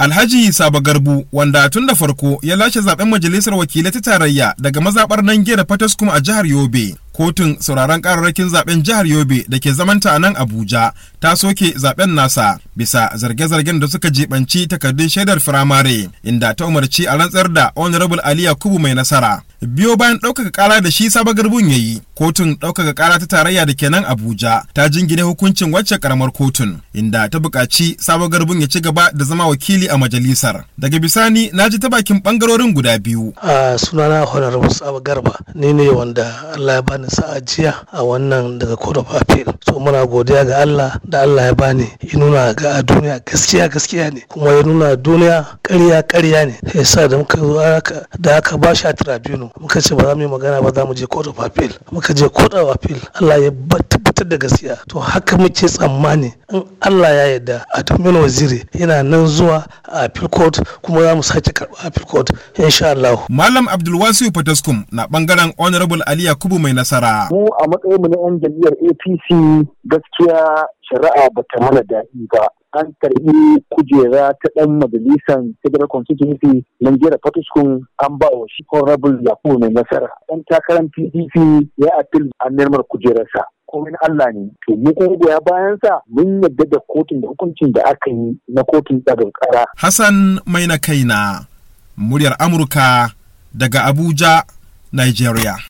Alhaji Saba Garbu wanda tun da farko ya lashe zaben majalisar wakilai ta tarayya daga mazabar Nange da Fataskum a jihar Yobe. Kotun sauraron kararrakin zaben jihar Yobe da ke zamanta a nan Abuja ta soke zaben nasa bisa zarge-zargen da suka jibanci takardun shaidar firamare inda ta umarci a rantsar da Honorable aliya kubu mai nasara. biyo bayan ɗaukaka ƙara da shi saba garbun ya yi kotun ɗaukaka ƙara ta tarayya da kenan abuja ta jingine hukuncin wacce karamar kotun inda ta buƙaci saba garbun ya ci gaba da zama wakili a majalisar daga bisani na ji ta bakin ɓangarorin guda biyu. a sunana honorable saba garba ni ne wanda allah ya bani sa'a jiya a wannan daga court of to muna godiya ga Allah da Allah ya bani ya nuna ga a duniya gaskiya gaskiya ne kuma ya nuna duniya ƙarya ƙarya ne ya sa da muka zo da aka ba shi a tribunal muka ce ba za mu yi magana ba za mu je court of appeal muka je court of appeal Allah ya bata fitar da gaskiya to haka muke tsammani in Allah ya yarda a tumin waziri yana nan zuwa a appeal court kuma za mu sake karɓa appeal court insha Allah Malam Abdulwasiu Fataskum na bangaren Honorable Ali Yakubu mai nasara mu a matsayin mu na yan jam'iyyar APC gaskiya shari'a ba ta mana daɗi ba an karbi kujera ta ɗan majalisar federal constituency Nigeria Fatuskun an ba wa shi honorable Yakubu mai nasara. Ɗan takarar PDP ya apil a nirmar kujerarsa. komai Allah ne to mu kuma goya bayan sa mun yadda da kotun da hukuncin da aka yi na kotun tsarin kara Hassan mai na kaina muryar Amurka daga Abuja Nigeria